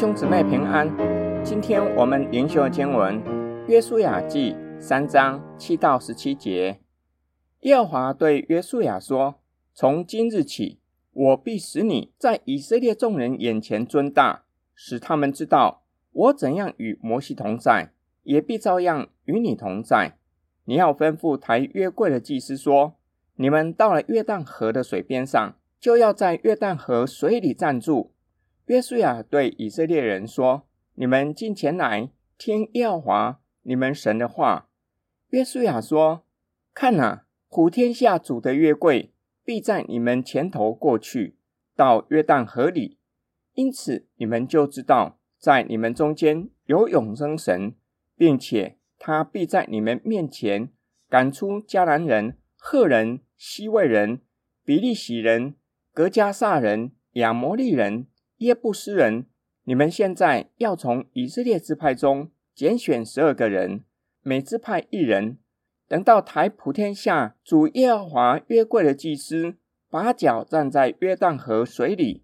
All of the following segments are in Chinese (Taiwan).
兄姊妹平安，今天我們靈修的經文約書亞記三章七到十七節。耶和華對約書亞說：“從今日起，我必使你在以色列眾人眼前尊大，使他們知道我怎樣與摩西同在，也必照樣與你同在。你要吩咐抬約櫃的祭司說：你們到了約旦河的水邊上，就要在約旦河水裡站住。”約書亞對以色列人說：“你們近前來，聽耶和華你們神的話。”約書亞說：“看哪，普天下主的約櫃必在你們前頭過去，到約旦河裡。因此，你們就知道，在你們中間有永生神，並且他必在你們面前趕出迦南人、赫人、希未人、比利洗人、革迦撒人、亞摩利人。”耶布斯人，你們現在要從以色列支派中揀選十二個人，每支派一人。等到抬普天下主耶和華約櫃的祭司，把腳站在約旦河水裡，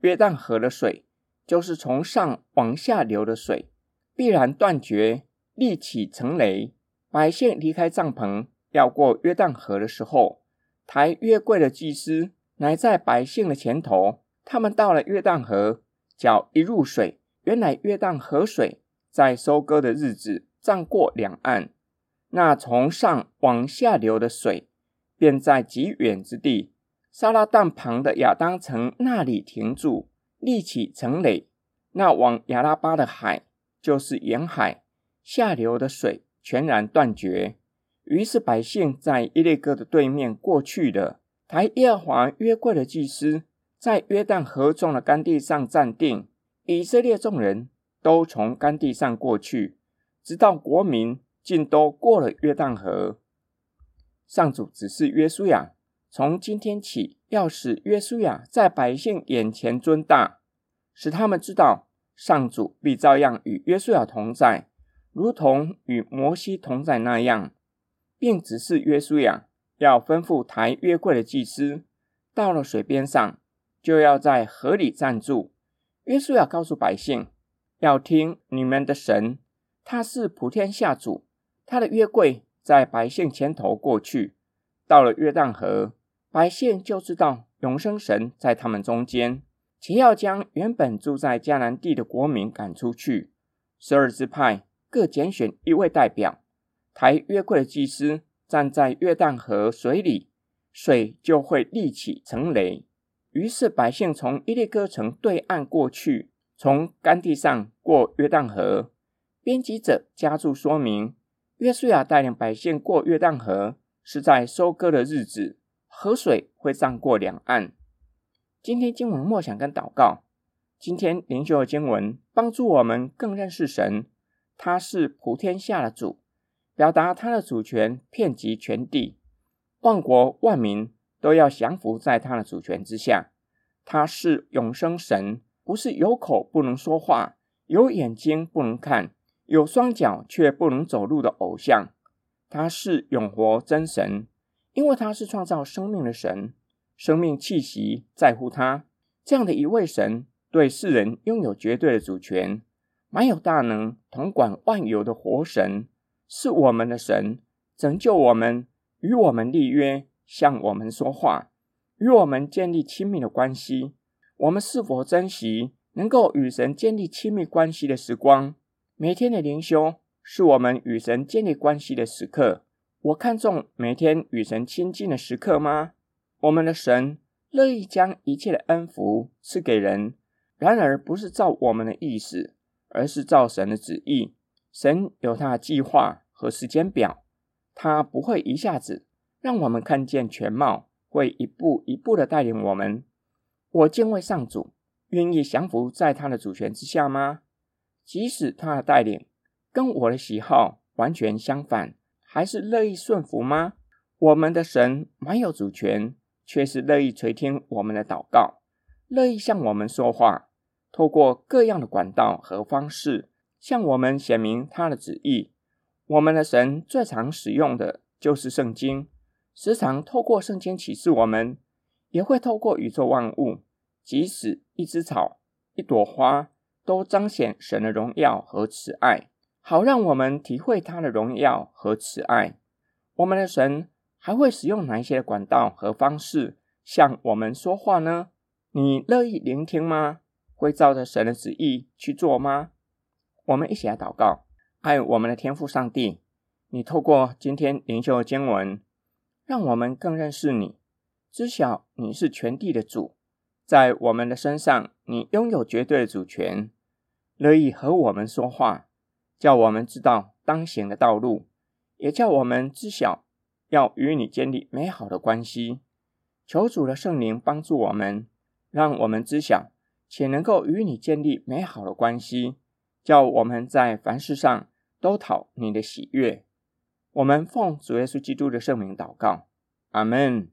約旦河的水就是從上往下流的水，必然斷絕，立起成壘。百姓離開帳棚，要過約旦河的時候，抬約櫃的祭司乃在百姓的前頭。他們到了約旦河，腳一入水，原來約旦河水在收割的日子漲過兩岸，那從上往下流的水，便在極遠之地，撒拉但旁的亞當城那裡停住，立起成壘。那往亞拉巴的海，就是鹽海，下流的水全然斷絕。於是百姓在耶利哥的對面過去了，抬耶和華約櫃的祭司。在約旦河中的乾地上站定，以色列眾人都從乾地上過去，直到國民盡都過了約旦河。上主指示約書亞，從今天起，要使約書亞在百姓眼前尊大，使他們知道上主必照樣與約書亞同在，如同與摩西同在那樣，並指示約書亞要吩咐抬約櫃的祭司到了水邊上。就要在河裡站住。約書亞要告訴百姓，要聽你們的神，他是普天下主。他的約櫃在百姓前頭過去，到了約旦河，百姓就知道永生神在他們中間。且要將原本住在迦南地的國民趕出去。十二支派各揀選一位代表，抬約櫃的祭司站在約旦河水裡，水就會立起成壘。於是百姓從耶利哥城對岸過去，從乾地上過約旦河。編輯者加註說明：約書亞帶領百姓過約旦河是在收割的日子，河水會漲過兩岸。今天經文默想跟禱告，今天靈修的經文幫助我們更認識神，他是普天下的主，表達他的主權遍及全地，萬國萬民。都要降服在他的主權之下。他是永生神，不是有口不能說話、有眼睛不能看、有雙腳卻不能走路的偶像。他是永活真神，因為他是創造生命的神，生命氣息在乎他。這樣的一位神，對世人擁有絕對的主權，滿有大能，統管萬有的活神，是我們的神，拯救我們，與我們立約。向我們說話，與我們建立親密的關係。我們是否珍惜能夠與神建立親密關係的時光？每天的靈修是我們與神建立關係的時刻。我看重每天與神親近的時刻嗎？我們的神樂意將一切的恩福賜給人，然而不是照我們的意思，而是照神的旨意。神有他的計劃和時間表，他不會一下子。讓我們看見全貌，會一步一步的帶領我們。我敬畏上主，願意降服在他的主權之下嗎？即使他的帶領跟我的喜好完全相反，還是樂意順服嗎？我們的神滿有主權，卻是樂意垂聽我們的禱告，樂意向我們說話，透過各樣的管道和方式，向我們顯明他的旨意。我們的神最常使用的就是聖經。時常透過聖經啟示我們，也會透過宇宙萬物，即使一枝草、一朵花，都彰顯神的榮耀和慈愛，好讓我們體會他的榮耀和慈愛。我們的神還會使用哪些管道和方式向我們說話呢？你樂意聆聽嗎？會照着神的旨意去做嗎？我們一起來禱告：愛我們的天父上帝，你透過今天靈修經文。讓我們更認識你，知曉你是全地的主，在我們的身上，你擁有絕對的主權，樂意和我們說話，叫我們知道當行的道路，也叫我們知曉要與你建立美好的關係。求主的聖靈幫助我們，讓我們知曉且能夠與你建立美好的關係，叫我們在凡事上都討你的喜悅。我們奉主耶穌基督的聖名禱告，阿門。